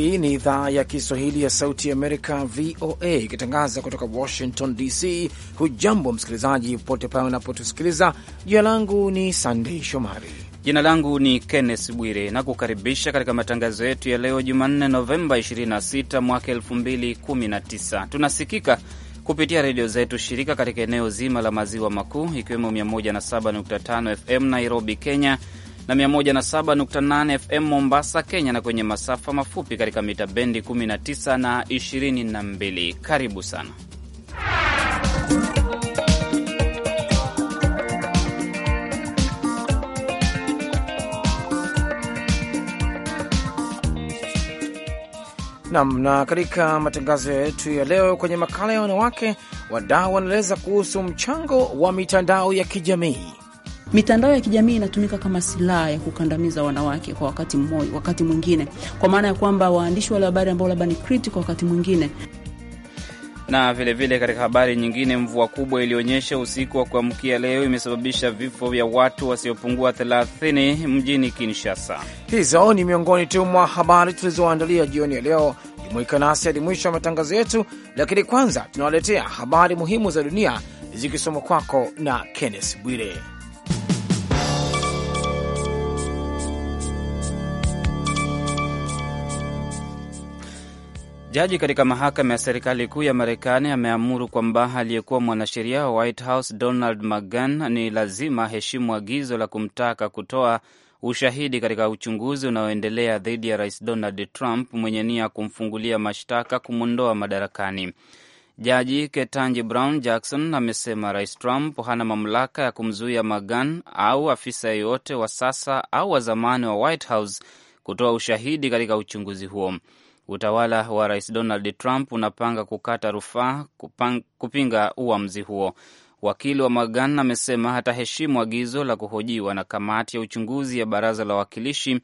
Hii ni idhaa ya Kiswahili ya Sauti ya Amerika, VOA, ikitangaza kutoka Washington DC. Hujambo msikilizaji, popote pale unapotusikiliza. Jina langu ni Sandei Shomari. Jina langu ni Kennes Bwire na kukaribisha katika matangazo yetu ya leo Jumanne, Novemba 26 mwaka 2019. Tunasikika kupitia redio zetu shirika katika eneo zima la maziwa makuu, ikiwemo 107.5 FM Nairobi, Kenya, na 107.8 FM Mombasa, Kenya, na kwenye masafa mafupi katika mita bendi 19 na 22. Karibu sana. Nam na, na katika matangazo yetu ya leo, kwenye makala ya wanawake, wadau wanaeleza kuhusu mchango wa mitandao ya kijamii Mitandao ya kijamii inatumika kama silaha ya kukandamiza wanawake kwa wakati mmoja, wakati mwingine, kwa maana ya kwamba waandishi wale habari ambao labda ni critical wakati mwingine na vilevile katika habari nyingine, mvua kubwa ilionyesha usiku wa kuamkia leo imesababisha vifo vya watu wasiopungua 30 mjini Kinshasa. Hizo ni miongoni tu mwa habari tulizoandalia jioni ya leo. Jumuika nasi hadi mwisho wa matangazo yetu, lakini kwanza tunawaletea habari muhimu za dunia zikisomwa kwako na Kenneth Bwire. Jaji katika mahakama ya serikali kuu ya Marekani ameamuru kwamba aliyekuwa mwanasheria wa White House Donald McGahn ni lazima aheshimu agizo la kumtaka kutoa ushahidi katika uchunguzi unaoendelea dhidi ya rais Donald Trump mwenye nia ya kumfungulia mashtaka kumwondoa madarakani. Jaji Ketanji Brown Jackson amesema Rais Trump hana mamlaka ya kumzuia Magan au afisa yeyote wa sasa au wa zamani wa White House kutoa ushahidi katika uchunguzi huo. Utawala wa Rais Donald Trump unapanga kukata rufaa kupinga uamuzi huo. Wakili wa Magan amesema hataheshimu agizo la kuhojiwa na kamati ya uchunguzi ya baraza la wawakilishi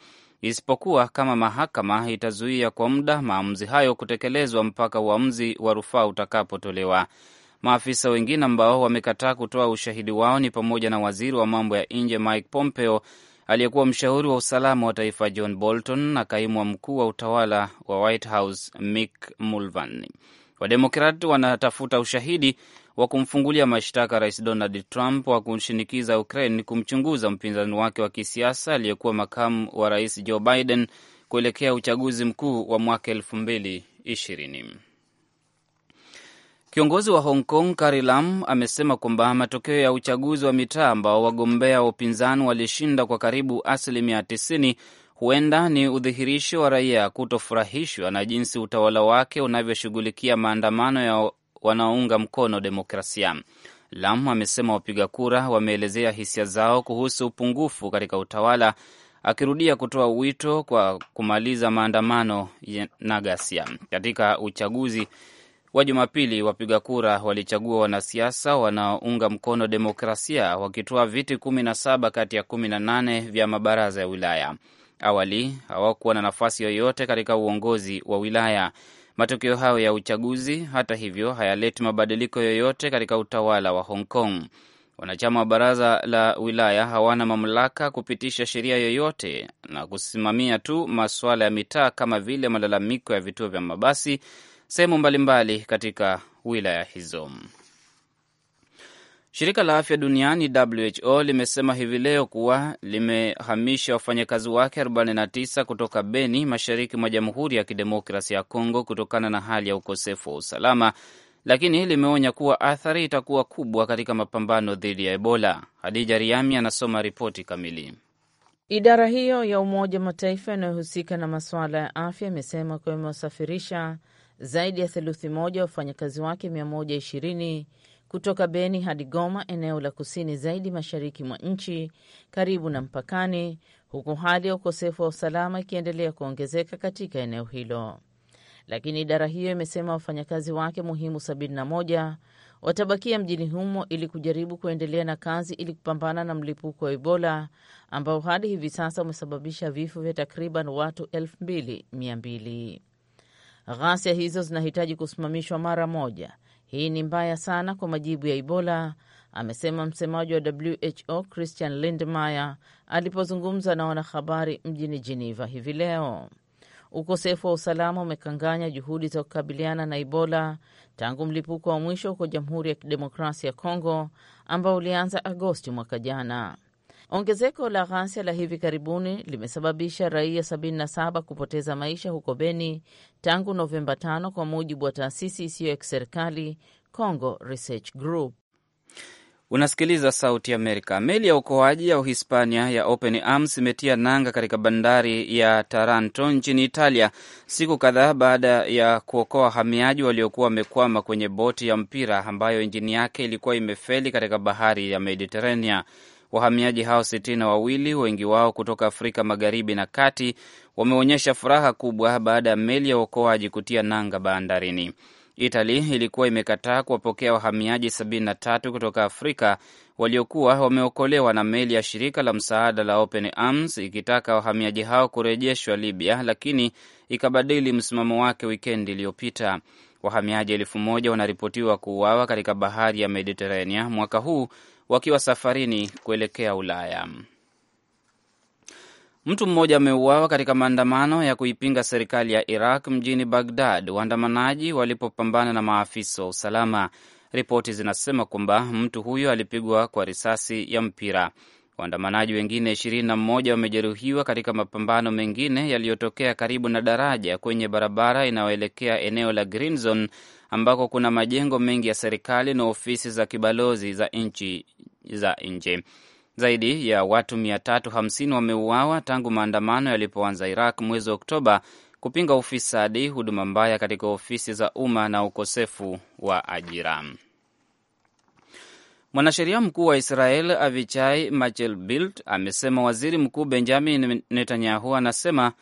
isipokuwa kama mahakama itazuia kwa muda maamuzi hayo kutekelezwa mpaka uamuzi wa rufaa utakapotolewa. Maafisa wengine ambao wamekataa kutoa ushahidi wao ni pamoja na waziri wa mambo ya nje Mike Pompeo, aliyekuwa mshauri wa usalama wa taifa John Bolton na kaimu wa mkuu wa utawala wa White House Mick Mulvaney. Wademokrati wanatafuta ushahidi wa kumfungulia mashtaka Rais Donald Trump wa kushinikiza Ukraine kumchunguza mpinzani wake wa kisiasa aliyekuwa makamu wa rais Joe Biden kuelekea uchaguzi mkuu wa mwaka elfu mbili ishirini. Kiongozi wa Hong Kong Carrie Lam amesema kwamba matokeo ya uchaguzi wa mitaa ambao wagombea wa upinzani walishinda kwa karibu asilimia 90 huenda ni udhihirisho wa raia kutofurahishwa na jinsi utawala wake unavyoshughulikia maandamano ya wanaounga mkono demokrasia. Lam amesema wapiga kura wameelezea hisia zao kuhusu upungufu katika utawala, akirudia kutoa wito kwa kumaliza maandamano na ghasia. Katika uchaguzi wa Jumapili, wapiga kura walichagua wanasiasa wanaounga mkono demokrasia wakitoa viti kumi na saba kati ya kumi na nane vya mabaraza ya wilaya. Awali hawakuwa na nafasi yoyote katika uongozi wa wilaya. Matokeo hayo ya uchaguzi, hata hivyo, hayaleti mabadiliko yoyote katika utawala wa Hong Kong. Wanachama wa baraza la wilaya hawana mamlaka kupitisha sheria yoyote na kusimamia tu masuala ya mitaa kama vile malalamiko ya vituo vya mabasi sehemu mbalimbali katika wilaya hizo. Shirika la afya duniani WHO limesema hivi leo kuwa limehamisha wafanyakazi wake 49 kutoka Beni, mashariki mwa Jamhuri ya kidemokrasi ya congo kutokana na hali ya ukosefu wa usalama, lakini limeonya kuwa athari itakuwa kubwa katika mapambano dhidi ya Ebola. Hadija Riami anasoma ripoti kamili. Idara hiyo ya Umoja wa Mataifa inayohusika na masuala ya afya imesema kuwa imewasafirisha zaidi ya theluthi moja wafanyakazi wake 120 kutoka Beni hadi Goma, eneo la kusini zaidi mashariki mwa nchi karibu na mpakani, huku hali ya ukosefu wa usalama ikiendelea kuongezeka katika eneo hilo. Lakini idara hiyo imesema wafanyakazi wake muhimu 71 watabakia mjini humo ili kujaribu kuendelea na kazi ili kupambana na mlipuko wa Ebola ambao hadi hivi sasa umesababisha vifo vya takriban watu 2200. Ghasia hizo zinahitaji kusimamishwa mara moja hii ni mbaya sana kwa majibu ya Ebola, amesema msemaji wa WHO Christian Lindmeier alipozungumza na wanahabari mjini Geneva hivi leo. Ukosefu wa usalama umekanganya juhudi za kukabiliana na Ebola tangu mlipuko wa mwisho huko Jamhuri ya Kidemokrasia ya Kongo ambao ulianza Agosti mwaka jana. Ongezeko la ghasia la hivi karibuni limesababisha raia 77 kupoteza maisha huko Beni tangu Novemba 5 kwa mujibu wa taasisi isiyo ya kiserikali Congo Research Group. Unasikiliza Sauti ya Amerika. Meli ya uokoaji ya Uhispania ya Open Arms imetia nanga katika bandari ya Taranto nchini Italia siku kadhaa baada ya kuokoa wahamiaji waliokuwa wamekwama kwenye boti ya mpira ambayo injini yake ilikuwa imefeli katika bahari ya Mediterania. Wahamiaji hao sitini na wawili, wengi wao kutoka Afrika Magharibi na Kati, wameonyesha furaha kubwa baada ya meli ya uokoaji kutia nanga bandarini. Itali ilikuwa imekataa kuwapokea wahamiaji 73 kutoka Afrika waliokuwa wameokolewa na meli ya shirika la msaada la Open Arms ikitaka wahamiaji hao kurejeshwa Libya, lakini ikabadili msimamo wake wikendi iliyopita. Wahamiaji elfu moja wanaripotiwa kuuawa katika bahari ya Mediterania mwaka huu wakiwa safarini kuelekea Ulaya. Mtu mmoja ameuawa katika maandamano ya kuipinga serikali ya Iraq mjini Bagdad, waandamanaji walipopambana na maafisa wa usalama. Ripoti zinasema kwamba mtu huyo alipigwa kwa risasi ya mpira. Waandamanaji wengine ishirini na mmoja wamejeruhiwa katika mapambano mengine yaliyotokea karibu na daraja kwenye barabara inayoelekea eneo la Green Zone ambako kuna majengo mengi ya serikali na ofisi za kibalozi za nchi za nje. Zaidi ya watu 350 wameuawa tangu maandamano yalipoanza Iraq mwezi Oktoba kupinga ufisadi, huduma mbaya katika ofisi za umma na ukosefu wa ajira. Mwanasheria mkuu wa Israel Avichai bilt amesema waziri mkuu Benjamin Netanyahu anasema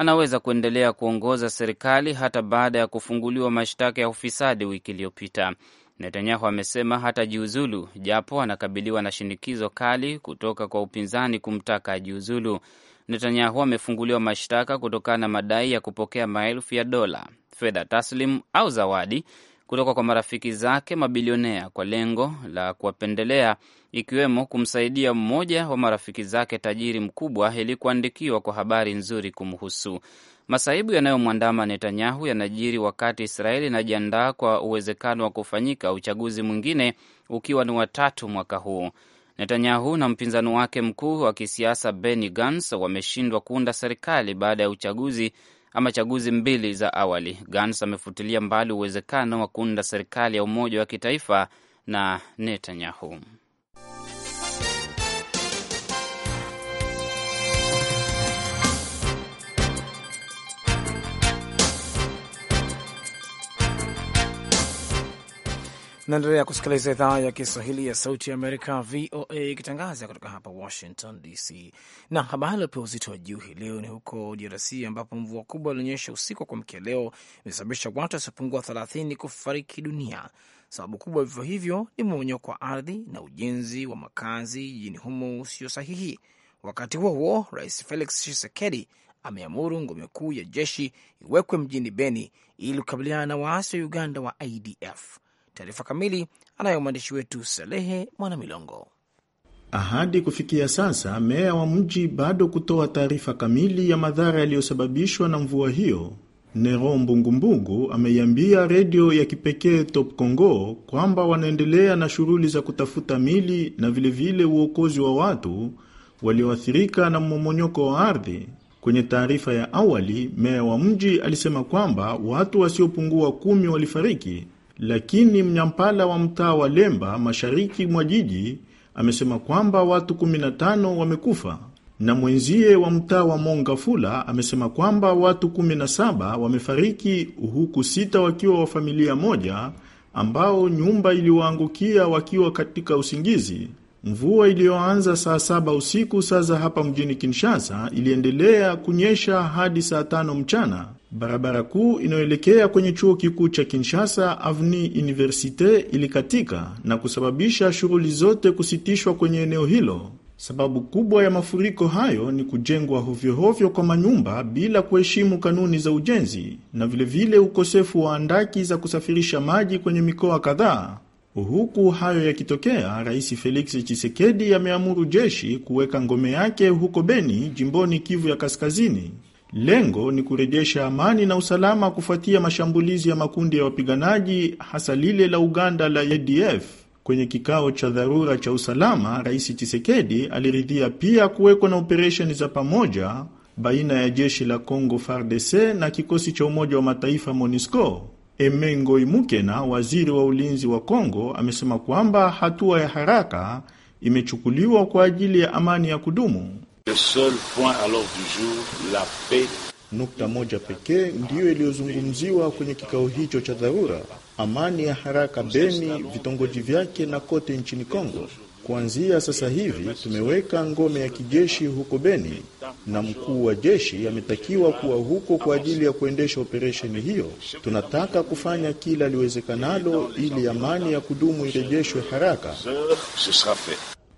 anaweza kuendelea kuongoza serikali hata baada ya kufunguliwa mashtaka ya ufisadi wiki iliyopita. Netanyahu amesema hata jiuzulu, japo anakabiliwa na shinikizo kali kutoka kwa upinzani kumtaka ajiuzulu. Netanyahu amefunguliwa mashtaka kutokana na madai ya kupokea maelfu ya dola, fedha taslim au zawadi kutoka kwa marafiki zake mabilionea kwa lengo la kuwapendelea, ikiwemo kumsaidia mmoja wa marafiki zake tajiri mkubwa ili kuandikiwa kwa habari nzuri kumhusu. Masaibu yanayomwandama Netanyahu yanajiri wakati Israeli inajiandaa kwa uwezekano wa kufanyika uchaguzi mwingine ukiwa ni watatu mwaka huu. Netanyahu na mpinzani wake mkuu wa kisiasa Benny Gantz wameshindwa kuunda serikali baada ya uchaguzi ama chaguzi mbili za awali. gans amefutilia mbali uwezekano wa kuunda serikali ya umoja wa kitaifa na Netanyahu. Naendelea kusikiliza idhaa ya Kiswahili ya Sauti ya Amerika, VOA, ikitangaza kutoka hapa Washington DC. Na habari iliyopewa uzito wa juu hii leo ni huko DRC ambapo mvua kubwa ilionyesha usiku wa kuamkia leo imesababisha watu wasiopungua thelathini kufariki dunia. Sababu kubwa ya vifo hivyo ni mmomonyoko wa ardhi na ujenzi wa makazi jijini humo usio sahihi. Wakati huo huo, Rais Felix Tshisekedi ameamuru ngome kuu ya jeshi iwekwe mjini Beni ili kukabiliana na waasi wa Uganda wa ADF. Taarifa kamili anayo mwandishi wetu Salehe Mwanamilongo. Ahadi kufikia sasa, meya wa mji bado kutoa taarifa kamili ya madhara yaliyosababishwa na mvua hiyo. Nero Mbungumbungu ameiambia redio ya kipekee Top Congo kwamba wanaendelea na shughuli za kutafuta mili na vilevile uokozi wa watu walioathirika na mmomonyoko wa ardhi. Kwenye taarifa ya awali, meya wa mji alisema kwamba watu wasiopungua kumi walifariki lakini mnyampala wa mtaa wa Lemba mashariki mwa jiji amesema kwamba watu 15 wamekufa na mwenzie wa mtaa wa Mongafula amesema kwamba watu 17 wamefariki huku sita wakiwa wa familia moja ambao nyumba iliwaangukia wakiwa katika usingizi. Mvua iliyoanza saa saba usiku sasa hapa mjini Kinshasa iliendelea kunyesha hadi saa tano mchana Barabara kuu inayoelekea kwenye chuo kikuu cha Kinshasa Avni Universite ilikatika na kusababisha shughuli zote kusitishwa kwenye eneo hilo. Sababu kubwa ya mafuriko hayo ni kujengwa hovyohovyo kwa manyumba bila kuheshimu kanuni za ujenzi na vilevile vile ukosefu wa andaki za kusafirisha maji kwenye mikoa kadhaa. Huku hayo yakitokea, Rais Felix Chisekedi ameamuru jeshi kuweka ngome yake huko Beni, jimboni Kivu ya Kaskazini. Lengo ni kurejesha amani na usalama kufuatia mashambulizi ya makundi ya wapiganaji hasa lile la Uganda la ADF. Kwenye kikao cha dharura cha usalama, Rais Tshisekedi aliridhia pia kuwekwa na operesheni za pamoja baina ya jeshi la Congo FARDC na kikosi cha Umoja wa Mataifa MONUSCO. Emengo Imukena, waziri wa ulinzi wa congo amesema kwamba hatua ya haraka imechukuliwa kwa ajili ya amani ya kudumu. Le seul point à l'ordre du jour, la paix. Nukta moja pekee ndiyo iliyozungumziwa kwenye kikao hicho cha dharura, amani ya haraka Beni, vitongoji vyake na kote nchini Kongo. Kuanzia sasa hivi tumeweka ngome ya kijeshi huko Beni na mkuu wa jeshi ametakiwa kuwa huko kwa ajili ya kuendesha operesheni hiyo. Tunataka kufanya kila liwezekanalo ili amani ya kudumu irejeshwe haraka.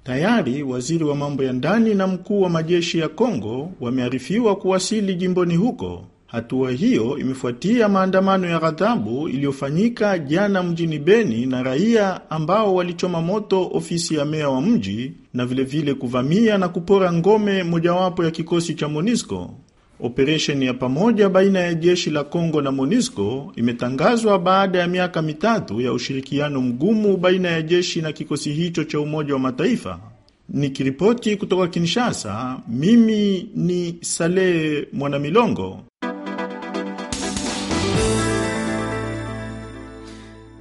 Tayari waziri wa mambo ya ndani na mkuu wa majeshi ya Kongo wamearifiwa kuwasili jimboni huko. Hatua hiyo imefuatia maandamano ya ghadhabu iliyofanyika jana mjini Beni na raia ambao walichoma moto ofisi ya meya wa mji na vilevile vile kuvamia na kupora ngome mojawapo ya kikosi cha MONUSCO. Operesheni ya pamoja baina ya jeshi la Kongo na MONUSCO imetangazwa baada ya miaka mitatu ya ushirikiano mgumu baina ya jeshi na kikosi hicho cha Umoja wa Mataifa. Nikiripoti kutoka Kinshasa, mimi ni Saleh Mwanamilongo.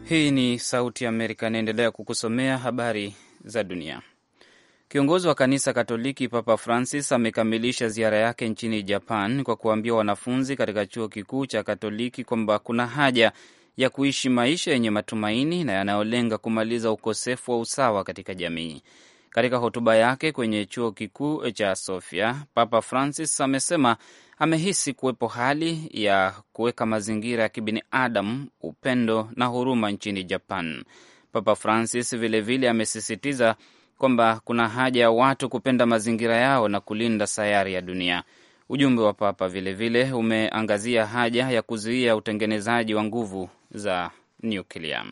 Hii ni Sauti ya Amerika inaendelea kukusomea habari za dunia. Kiongozi wa kanisa Katoliki Papa Francis amekamilisha ziara yake nchini Japan kwa kuambia wanafunzi katika chuo kikuu cha Katoliki kwamba kuna haja ya kuishi maisha yenye matumaini na yanayolenga kumaliza ukosefu wa usawa katika jamii. Katika hotuba yake kwenye chuo kikuu cha Sofia, Papa Francis amesema amehisi kuwepo hali ya kuweka mazingira ya kibinadamu, upendo na huruma nchini Japan. Papa Francis vilevile vile amesisitiza kwamba kuna haja ya watu kupenda mazingira yao na kulinda sayari ya dunia. Ujumbe wa Papa vilevile vile umeangazia haja ya kuzuia utengenezaji wa nguvu za nyuklia.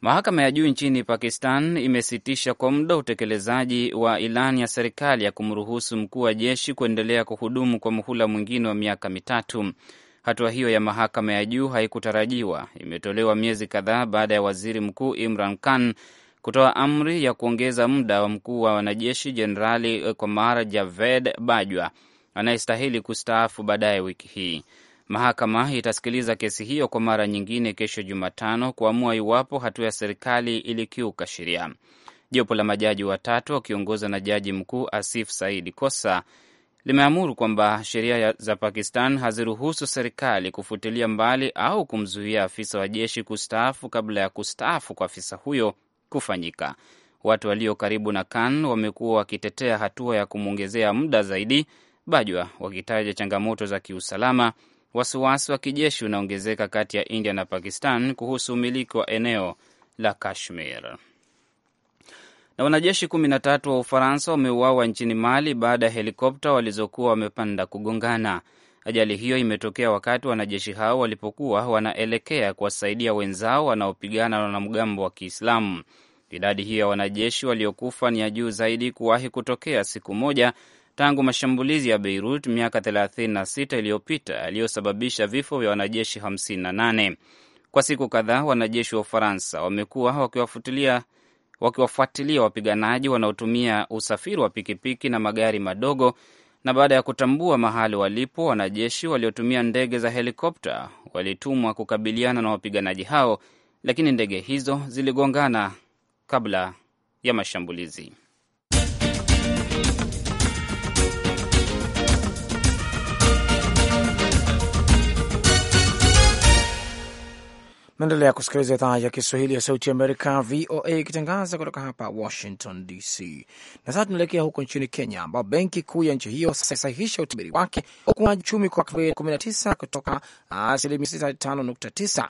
Mahakama ya juu nchini Pakistan imesitisha kwa muda utekelezaji wa ilani ya serikali ya kumruhusu mkuu wa jeshi kuendelea kuhudumu kwa muhula mwingine wa miaka mitatu. Hatua hiyo ya mahakama ya juu haikutarajiwa, imetolewa miezi kadhaa baada ya waziri mkuu Imran Khan kutoa amri ya kuongeza muda wa mkuu wa wanajeshi Jenerali Komar Javed Bajwa anayestahili kustaafu baadaye wiki hii. Mahakama itasikiliza kesi hiyo kwa mara nyingine kesho Jumatano kuamua iwapo hatua ya serikali ilikiuka sheria. Jopo la majaji watatu wakiongozwa na jaji mkuu Asif Saidi Kosa limeamuru kwamba sheria za Pakistan haziruhusu serikali kufutilia mbali au kumzuia afisa wa jeshi kustaafu kabla ya kustaafu kwa afisa huyo kufanyika. Watu walio karibu na Khan wamekuwa wakitetea hatua ya kumwongezea muda zaidi Bajwa, wakitaja changamoto za kiusalama. Wasiwasi wa kijeshi unaongezeka kati ya India na Pakistan kuhusu umiliki wa eneo la Kashmir. Na wanajeshi kumi na tatu wa Ufaransa wameuawa nchini Mali baada ya helikopta walizokuwa wamepanda kugongana. Ajali hiyo imetokea wakati wanajeshi hao walipokuwa wanaelekea kuwasaidia wenzao wanaopigana na wanamgambo wa Kiislamu. Idadi hiyo ya wanajeshi waliokufa ni ya juu zaidi kuwahi kutokea siku moja tangu mashambulizi ya Beirut miaka 36 iliyopita yaliyosababisha vifo vya wanajeshi 58. Kwa siku kadhaa wanajeshi wa Ufaransa wamekuwa wakiwafuatilia wakiwafuatilia wapiganaji wanaotumia usafiri wa pikipiki na magari madogo, na baada ya kutambua mahali walipo, wanajeshi waliotumia ndege za helikopta walitumwa kukabiliana na wapiganaji hao, lakini ndege hizo ziligongana kabla ya mashambulizi. Naendelea kusikiliza idhaa ya Kiswahili ya Sauti Amerika, VOA, ikitangaza kutoka hapa Washington DC. Na sasa tunaelekea huko nchini Kenya, ambapo benki kuu ya nchi hiyo sasa isahihisha utabiri wake ukuaji uchumi kwa 19 kutoka ah, asilimia 65.9.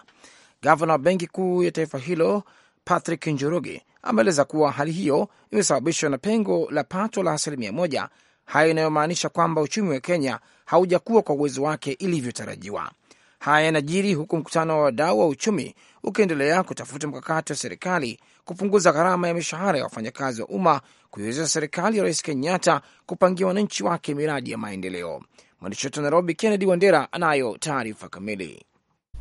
Gavana wa benki kuu ya taifa hilo Patrick Njoroge ameeleza kuwa hali hiyo imesababishwa na pengo la pato la asilimia moja, hayo inayomaanisha kwamba uchumi wa Kenya haujakuwa kwa uwezo wake ilivyotarajiwa. Haya yanajiri huku mkutano wa wadau wa uchumi ukiendelea kutafuta mkakati wa serikali kupunguza gharama ya mishahara ya wafanyakazi wa umma, kuiwezesha serikali ya Rais Kenyatta kupangia wananchi wake miradi ya maendeleo. Mwandishi wetu wa Nairobi, Kennedy Wandera, anayo taarifa kamili.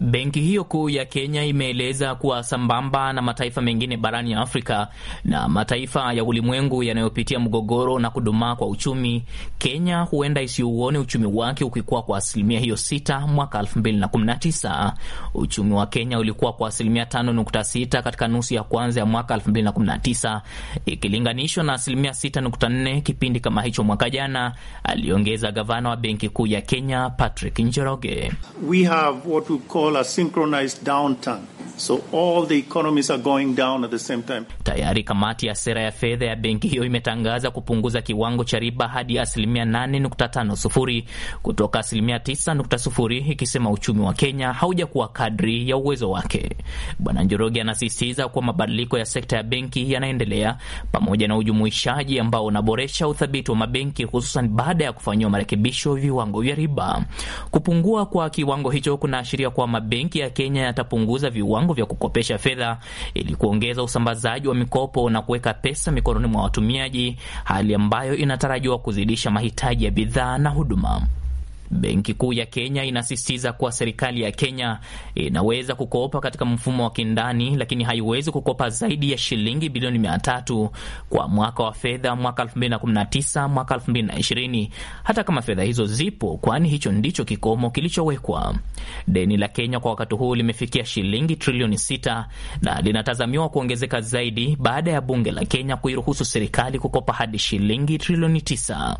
Benki hiyo kuu ya Kenya imeeleza kuwa sambamba na mataifa mengine barani Afrika na mataifa ya ulimwengu yanayopitia mgogoro na kudumaa kwa uchumi, Kenya huenda isiuone uchumi wake ukikuwa kwa asilimia hiyo sita mwaka 2019. Uchumi wa Kenya ulikuwa kwa asilimia 5.6 katika nusu ya kwanza ya mwaka 2019 ikilinganishwa na asilimia 6.4 kipindi kama hicho mwaka jana, aliongeza gavana wa benki kuu ya Kenya Patrick Njoroge. We have what we call a synchronized downturn. So all the economies are going down at the same time. Tayari kamati ya sera ya fedha ya benki hiyo imetangaza kupunguza kiwango cha riba hadi asilimia 8.50 kutoka asilimia 9.0, ikisema uchumi wa Kenya haujakuwa kadri ya uwezo wake. Bwana Njoroge anasisitiza kuwa mabadiliko ya sekta ya benki yanaendelea pamoja na ujumuishaji ambao unaboresha uthabiti wa mabenki, hususan baada ya kufanyiwa marekebisho viwango vya riba. Kupungua kwa kiwango hicho kunaashiria kwa mabenki ya Kenya yatapunguza viwango vya kukopesha fedha ili kuongeza usambazaji wa mikopo na kuweka pesa mikononi mwa watumiaji, hali ambayo inatarajiwa kuzidisha mahitaji ya bidhaa na huduma. Benki Kuu ya Kenya inasisitiza kuwa serikali ya Kenya inaweza kukopa katika mfumo wa kindani, lakini haiwezi kukopa zaidi ya shilingi bilioni mia tatu kwa mwaka wa fedha mwaka 2019 mwaka 2020, hata kama fedha hizo zipo, kwani hicho ndicho kikomo kilichowekwa. Deni la Kenya kwa wakati huu limefikia shilingi trilioni 6 na linatazamiwa kuongezeka zaidi baada ya bunge la Kenya kuiruhusu serikali kukopa hadi shilingi trilioni 9.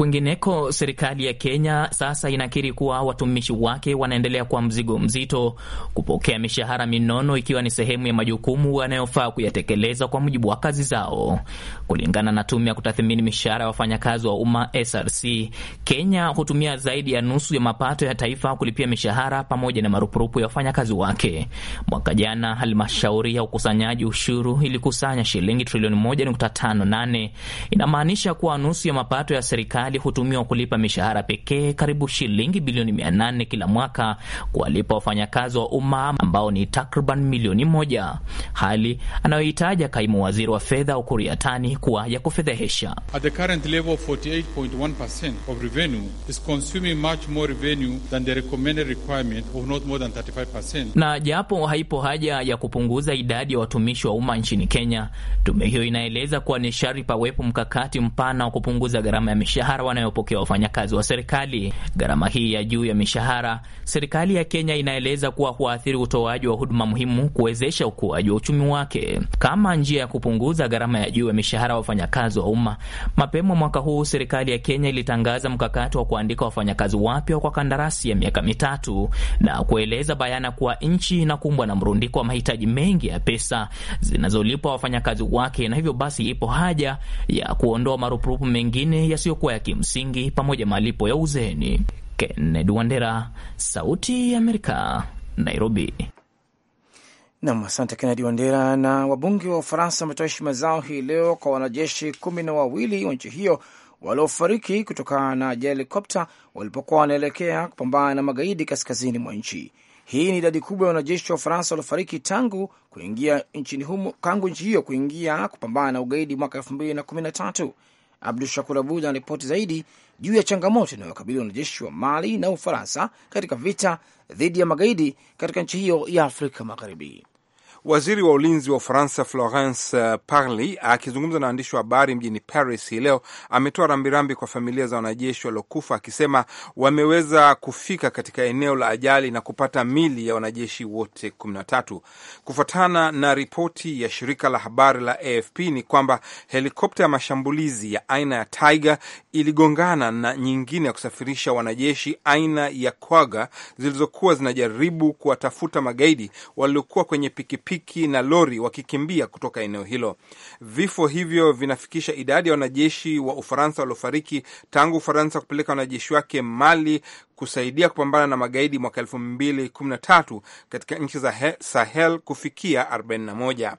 Kwingineko, serikali ya Kenya sasa inakiri kuwa watumishi wake wanaendelea kwa mzigo mzito kupokea mishahara minono, ikiwa ni sehemu ya majukumu wanayofaa kuyatekeleza kwa mujibu wa kazi zao. Kulingana na tume ya kutathimini mishahara ya wafanyakazi wa umma SRC, Kenya hutumia zaidi ya nusu ya mapato ya taifa kulipia mishahara pamoja na marupurupu ya wafanyakazi wake. Mwaka jana halmashauri ya ukusanyaji ushuru ilikusanya shilingi trilioni 1.58 inamaanisha kuwa nusu ya mapato ya serikali serikali hutumiwa kulipa mishahara pekee karibu shilingi bilioni ia8 kila mwaka kuwalipa wafanyakazi wa umma ambao ni takriban milioni moja, hali anayohitaja kaimu waziri wa fedha Ukur Yatani kuwa ya kufedhehesha. Na japo haipo haja ya kupunguza idadi ya watumishi wa umma nchini Kenya, tume hiyo inaeleza kuwa ni shari pawepo mkakati mpana wa kupunguza gharama ya mishahara mishahara wanayopokea wafanyakazi wa serikali. Gharama hii ya juu ya mishahara, serikali ya Kenya inaeleza kuwa huathiri utoaji wa huduma muhimu kuwezesha ukuaji wa uchumi wake. Kama njia ya kupunguza gharama ya juu ya mishahara wafanyakazi wa umma, mapema mwaka huu serikali ya Kenya ilitangaza mkakati wa kuandika wafanyakazi wapya kwa kandarasi ya miaka mitatu na kueleza bayana kuwa nchi inakumbwa na mrundiko wa mahitaji mengi ya pesa zinazolipwa wafanyakazi wake, na hivyo basi ipo haja ya kuondoa marupurupu mengine yasiyokuwa ya kimsingi pamoja malipo ya uzeeni. Kennedy Wandera, Sauti ya Amerika, Nairobi. Nam, asante Kennedy Wandera. Na wabunge wa Ufaransa wametoa heshima zao hii leo kwa wanajeshi kumi na wawili wa nchi hiyo waliofariki kutokana na ajali helikopta walipokuwa wanaelekea kupambana na magaidi kaskazini mwa nchi. Hii ni idadi kubwa ya wanajeshi wa Ufaransa waliofariki tangu kuingia nchini humo, tangu nchi hiyo kuingia kupambana na ugaidi mwaka elfu mbili na kumi na tatu. Abdu Shakur Abud anaripoti zaidi juu ya changamoto inayokabili wanajeshi wa Mali na Ufaransa katika vita dhidi ya magaidi katika nchi hiyo ya Afrika Magharibi. Waziri wa ulinzi wa Ufaransa Florence uh, Parly akizungumza na waandishi wa habari mjini Paris hii leo ametoa rambirambi kwa familia za wanajeshi waliokufa, akisema wameweza kufika katika eneo la ajali na kupata mili ya wanajeshi wote 13. Kufuatana na ripoti ya shirika la habari la AFP ni kwamba helikopta ya mashambulizi ya aina ya Tiger iligongana na nyingine ya kusafirisha wanajeshi aina ya kwaga zilizokuwa zinajaribu kuwatafuta magaidi waliokuwa kwenye pikipiki pikipiki na lori wakikimbia kutoka eneo hilo. Vifo hivyo vinafikisha idadi ya wanajeshi wa Ufaransa waliofariki tangu Ufaransa kupeleka wanajeshi wake Mali kusaidia kupambana na magaidi mwaka 213 katika nchi za Sahel kufikia 41.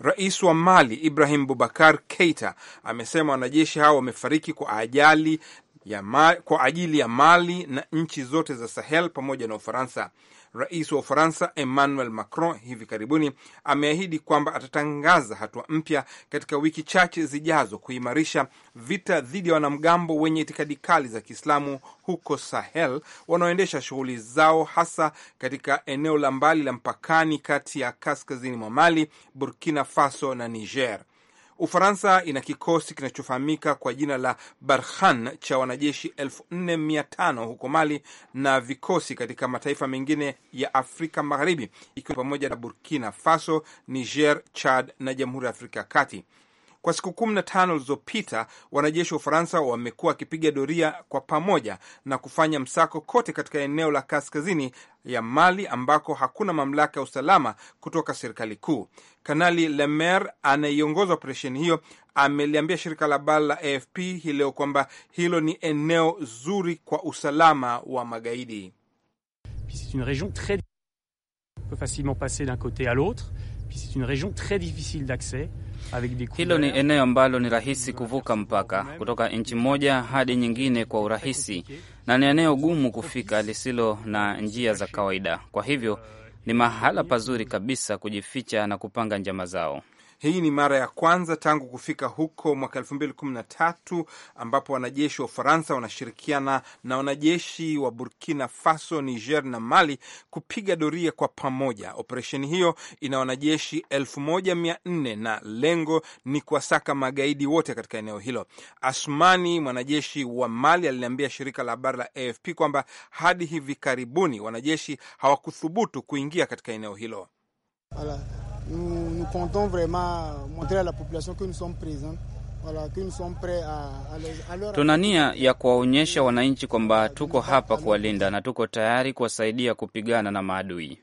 Rais wa Mali Ibrahim bubakar Keita amesema wanajeshi hao wamefariki kwa ajali ya ma, kwa ajili ya Mali na nchi zote za Sahel pamoja na Ufaransa. Rais wa Ufaransa Emmanuel Macron hivi karibuni ameahidi kwamba atatangaza hatua mpya katika wiki chache zijazo kuimarisha vita dhidi ya wanamgambo wenye itikadi kali za Kiislamu huko Sahel wanaoendesha shughuli zao hasa katika eneo la mbali la mpakani kati ya kaskazini mwa Mali, Burkina Faso na Niger. Ufaransa ina kikosi kinachofahamika kwa jina la Barkhan cha wanajeshi 4500 huko Mali na vikosi katika mataifa mengine ya Afrika Magharibi, ikiwa pamoja na Burkina Faso, Niger, Chad na Jamhuri ya Afrika ya Kati. Kwa siku kumi na tano zilizopita wanajeshi wa Ufaransa wamekuwa wakipiga doria kwa pamoja na kufanya msako kote katika eneo la kaskazini ya Mali ambako hakuna mamlaka ya usalama kutoka serikali kuu. Kanali Lemer anayeongoza operesheni hiyo ameliambia shirika la habari la AFP hii leo kwamba hilo ni eneo zuri kwa usalama wa magaidi. Hilo ni eneo ambalo ni rahisi kuvuka mpaka kutoka nchi moja hadi nyingine kwa urahisi, na ni eneo gumu kufika lisilo na njia za kawaida. Kwa hivyo ni mahala pazuri kabisa kujificha na kupanga njama zao. Hii ni mara ya kwanza tangu kufika huko mwaka elfu mbili kumi na tatu ambapo wanajeshi wa Ufaransa wanashirikiana na wanajeshi wa Burkina Faso, Niger na Mali kupiga doria kwa pamoja. Operesheni hiyo ina wanajeshi elfu moja mia nne na lengo ni kuwasaka magaidi wote katika eneo hilo. Asmani, mwanajeshi wa Mali, aliliambia shirika la habari la AFP kwamba hadi hivi karibuni wanajeshi hawakuthubutu kuingia katika eneo hilo. Ala. Nous, nous, comptons vraiment montrer à la population que nous sommes présents. Tuna nia ya kuwaonyesha wananchi kwamba tuko hapa kuwalinda na tuko tayari kuwasaidia kupigana na maadui.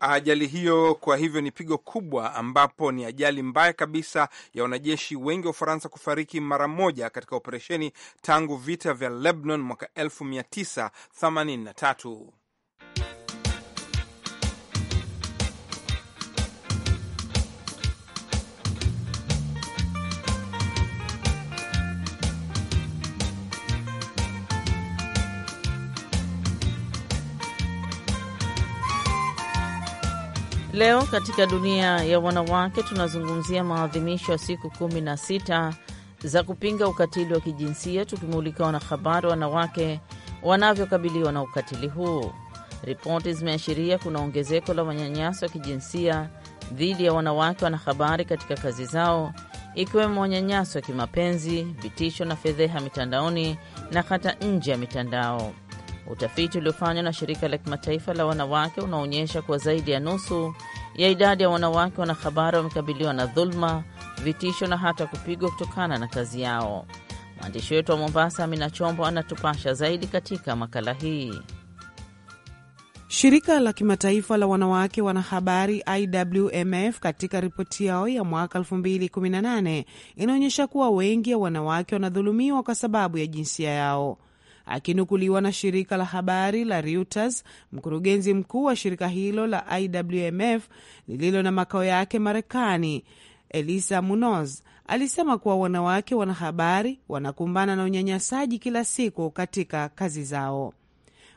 Ajali hiyo kwa hivyo ni pigo kubwa, ambapo ni ajali mbaya kabisa ya wanajeshi wengi wa Ufaransa kufariki mara moja katika operesheni tangu vita vya Lebanon mwaka 1983. Leo katika dunia ya wanawake tunazungumzia maadhimisho ya siku kumi na sita za kupinga ukatili wa kijinsia, tukimulika wanahabari wanawake wanavyokabiliwa na ukatili huu. Ripoti zimeashiria kuna ongezeko la manyanyaso ya kijinsia dhidi ya wanawake wanahabari katika kazi zao, ikiwemo manyanyaso ya kimapenzi, vitisho na fedheha mitandaoni na hata nje ya mitandao. Utafiti uliofanywa na shirika la kimataifa la wanawake unaonyesha kuwa zaidi ya nusu ya idadi ya wanawake wanahabari wamekabiliwa na dhuluma, vitisho na hata kupigwa kutokana na kazi yao. Mwandishi wetu wa Mombasa, Amina Chombo, anatupasha zaidi katika makala hii. Shirika la kimataifa la wanawake wanahabari IWMF katika ripoti yao ya mwaka 2018 inaonyesha kuwa wengi ya wanawake wanadhulumiwa kwa sababu ya jinsia yao. Akinukuliwa na shirika la habari la Reuters, mkurugenzi mkuu wa shirika hilo la IWMF lililo na makao yake Marekani, Elisa Munoz alisema kuwa wanawake wanahabari wanakumbana na unyanyasaji kila siku katika kazi zao.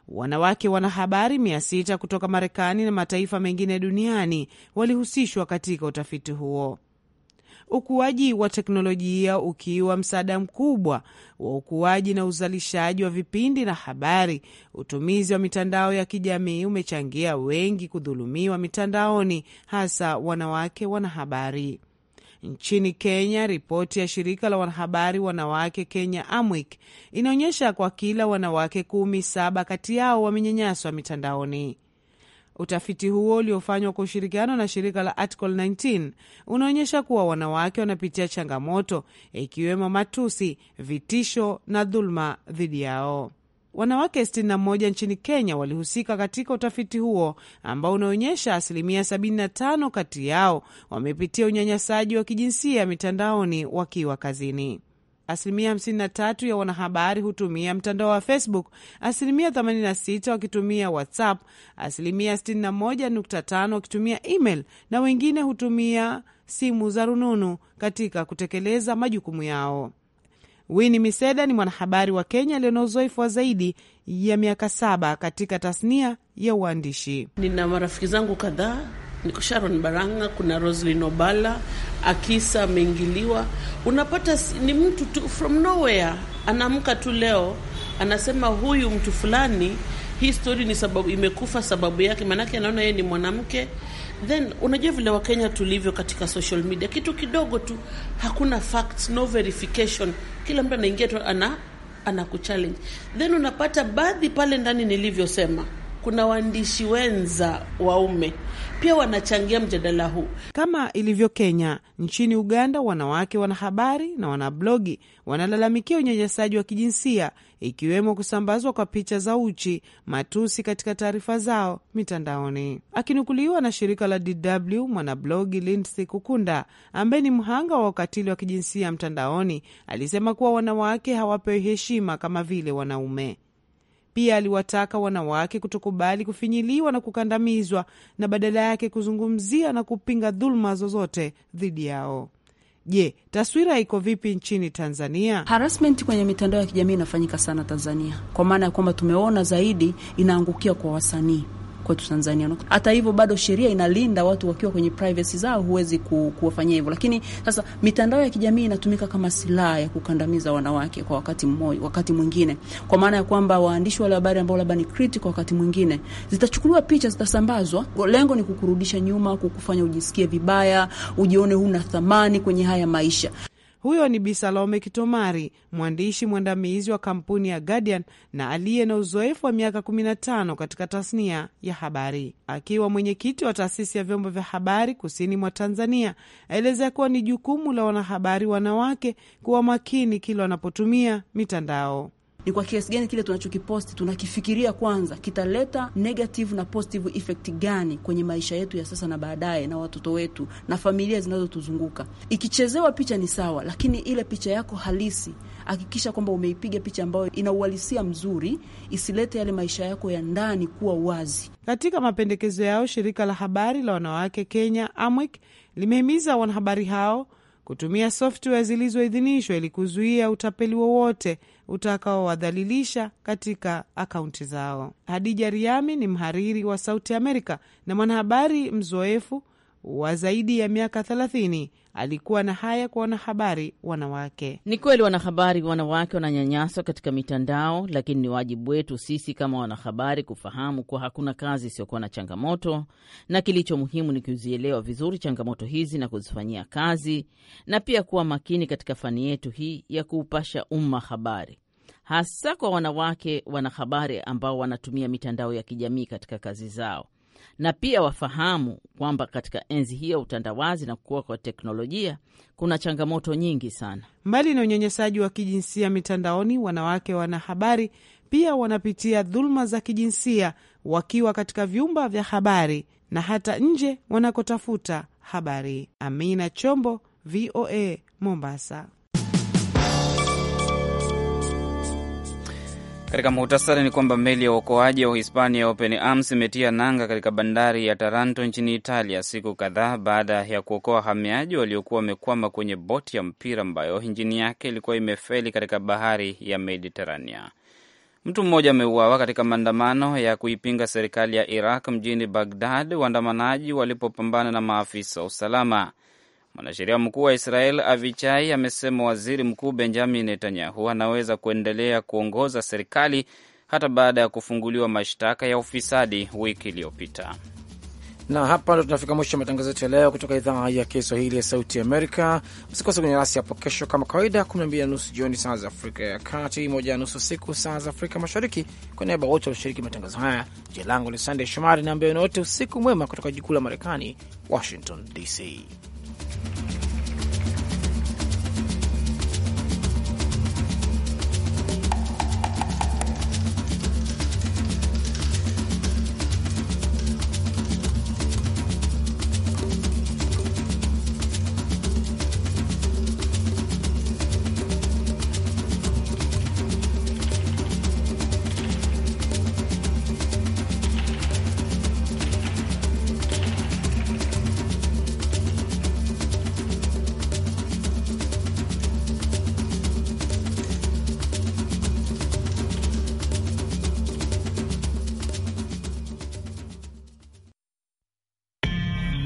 Wanawake wanahabari sita kutoka Marekani na mataifa mengine duniani walihusishwa katika utafiti huo ukuaji wa teknolojia ukiwa msaada mkubwa wa ukuaji na uzalishaji wa vipindi na habari. Utumizi wa mitandao ya kijamii umechangia wengi kudhulumiwa mitandaoni, hasa wanawake wanahabari. Nchini Kenya, ripoti ya shirika la wanahabari wanawake Kenya, AMWIK, inaonyesha kwa kila wanawake kumi, saba kati yao wamenyanyaswa mitandaoni. Utafiti huo uliofanywa kwa ushirikiano na shirika la Article 19 unaonyesha kuwa wanawake wanapitia changamoto ikiwemo matusi, vitisho na dhuluma dhidi yao. Wanawake 61 nchini Kenya walihusika katika utafiti huo ambao unaonyesha asilimia 75 kati yao wamepitia unyanyasaji wa kijinsia mitandaoni wakiwa kazini asilimia 53 ya wanahabari hutumia mtandao wa Facebook, asilimia 86 wakitumia WhatsApp, asilimia 61.5 wakitumia email na wengine hutumia simu za rununu katika kutekeleza majukumu yao. Wini Miseda ni mwanahabari wa Kenya aliye na uzoefu wa zaidi ya miaka saba katika tasnia ya uandishi. Nina marafiki zangu kadhaa Niko Sharon Baranga, kuna Roslyn Obala, Akisa ameingiliwa. Unapata ni mtu tu from nowhere anaamka tu leo anasema huyu mtu fulani, hii story ni sababu imekufa sababu yake, maanake anaona yeye ni mwanamke. Then unajua vile Wakenya tulivyo katika social media, kitu kidogo tu, hakuna facts, no verification, kila mtu anaingia tu ana anakuchallenge, then unapata baadhi pale ndani nilivyosema kuna waandishi wenza waume pia wanachangia mjadala huu. Kama ilivyo Kenya, nchini Uganda wanawake wanahabari na wanablogi wanalalamikia unyanyasaji wa kijinsia, ikiwemo kusambazwa kwa picha za uchi, matusi katika taarifa zao mitandaoni. Akinukuliwa na shirika la DW, mwanablogi Lindsay Kukunda ambaye ni mhanga wa ukatili wa kijinsia mtandaoni alisema kuwa wanawake hawapewi heshima kama vile wanaume. Pia aliwataka wanawake kutokubali kufinyiliwa na kukandamizwa na badala yake kuzungumzia na kupinga dhuluma zozote dhidi yao. Je, taswira iko vipi nchini Tanzania? Harassment kwenye mitandao ya kijamii inafanyika sana Tanzania, kwa maana ya kwamba tumeona zaidi inaangukia kwa wasanii kwetu Tanzania. Hata hivyo bado sheria inalinda watu wakiwa kwenye privacy zao, huwezi ku, kuwafanyia hivyo. Lakini sasa mitandao ya kijamii inatumika kama silaha ya kukandamiza wanawake kwa wakati mmoja, wakati mwingine, kwa maana ya kwamba waandishi wale habari ambao labda ni critical, wakati mwingine zitachukuliwa picha, zitasambazwa, lengo ni kukurudisha nyuma, kukufanya ujisikie vibaya, ujione huna thamani kwenye haya maisha. Huyo ni Bisalome Kitomari, mwandishi mwandamizi wa kampuni ya Guardian na aliye na uzoefu wa miaka 15 katika tasnia ya habari. Akiwa mwenyekiti wa taasisi ya vyombo vya habari kusini mwa Tanzania, aelezea kuwa ni jukumu la wanahabari wanawake kuwa makini kila wanapotumia mitandao ni kwa kiasi gani kile tunachokiposti tunakifikiria kwanza kitaleta negative na positive effect gani kwenye maisha yetu ya sasa na baadaye, na watoto wetu na familia zinazotuzunguka. Ikichezewa picha ni sawa, lakini ile picha yako halisi, hakikisha kwamba umeipiga picha ambayo ina uhalisia mzuri, isilete yale maisha yako ya ndani kuwa wazi. Katika mapendekezo yao, shirika la habari la wanawake Kenya AMWIK limehimiza wanahabari hao kutumia software zilizoidhinishwa ili kuzuia utapeli wowote utakaowadhalilisha katika akaunti zao. Hadija Riami ni mhariri wa Sauti Amerika na mwanahabari mzoefu wa zaidi ya miaka 30 alikuwa na haya kwa wanahabari wanawake. Ni kweli wanahabari wanawake wananyanyaswa katika mitandao, lakini ni wajibu wetu sisi kama wanahabari kufahamu kuwa hakuna kazi isiyokuwa na changamoto, na kilicho muhimu ni kuzielewa vizuri changamoto hizi na kuzifanyia kazi, na pia kuwa makini katika fani yetu hii ya kuupasha umma habari hasa kwa wanawake wanahabari ambao wanatumia mitandao ya kijamii katika kazi zao na pia wafahamu kwamba katika enzi hii ya utandawazi na kukua kwa teknolojia kuna changamoto nyingi sana. Mbali na unyanyasaji wa kijinsia mitandaoni, wanawake wanahabari pia wanapitia dhuluma za kijinsia wakiwa katika vyumba vya habari na hata nje wanakotafuta habari. Amina Chombo, VOA, Mombasa. Katika muhtasari ni kwamba meli ya uokoaji ya Uhispania Open Arms imetia nanga katika bandari ya Taranto nchini Italia siku kadhaa baada ya kuokoa wahamiaji waliokuwa wamekwama kwenye boti ya mpira ambayo injini yake ilikuwa imefeli katika bahari ya Mediterania. Mtu mmoja ameuawa katika maandamano ya kuipinga serikali ya Iraq mjini Bagdad, waandamanaji walipopambana na maafisa wa usalama. Mwanasheria mkuu wa Israel Avichai amesema waziri mkuu Benjamin Netanyahu anaweza kuendelea kuongoza serikali hata baada ya kufunguliwa mashtaka ya ufisadi wiki iliyopita. Na hapa ndo tunafika mwisho wa matangazo yetu ya leo kutoka idhaa ya Kiswahili ya Sauti Amerika. Msikose kwenye rasi hapo kesho kama kawaida, 12 jioni saa za Afrika ya Kati, moja nusu usiku saa za Afrika Mashariki. Kwa niaba wote walioshiriki matangazo haya, jina langu ni Sandey Shomari na ambayo wote usiku mwema kutoka jikuu la Marekani, Washington DC.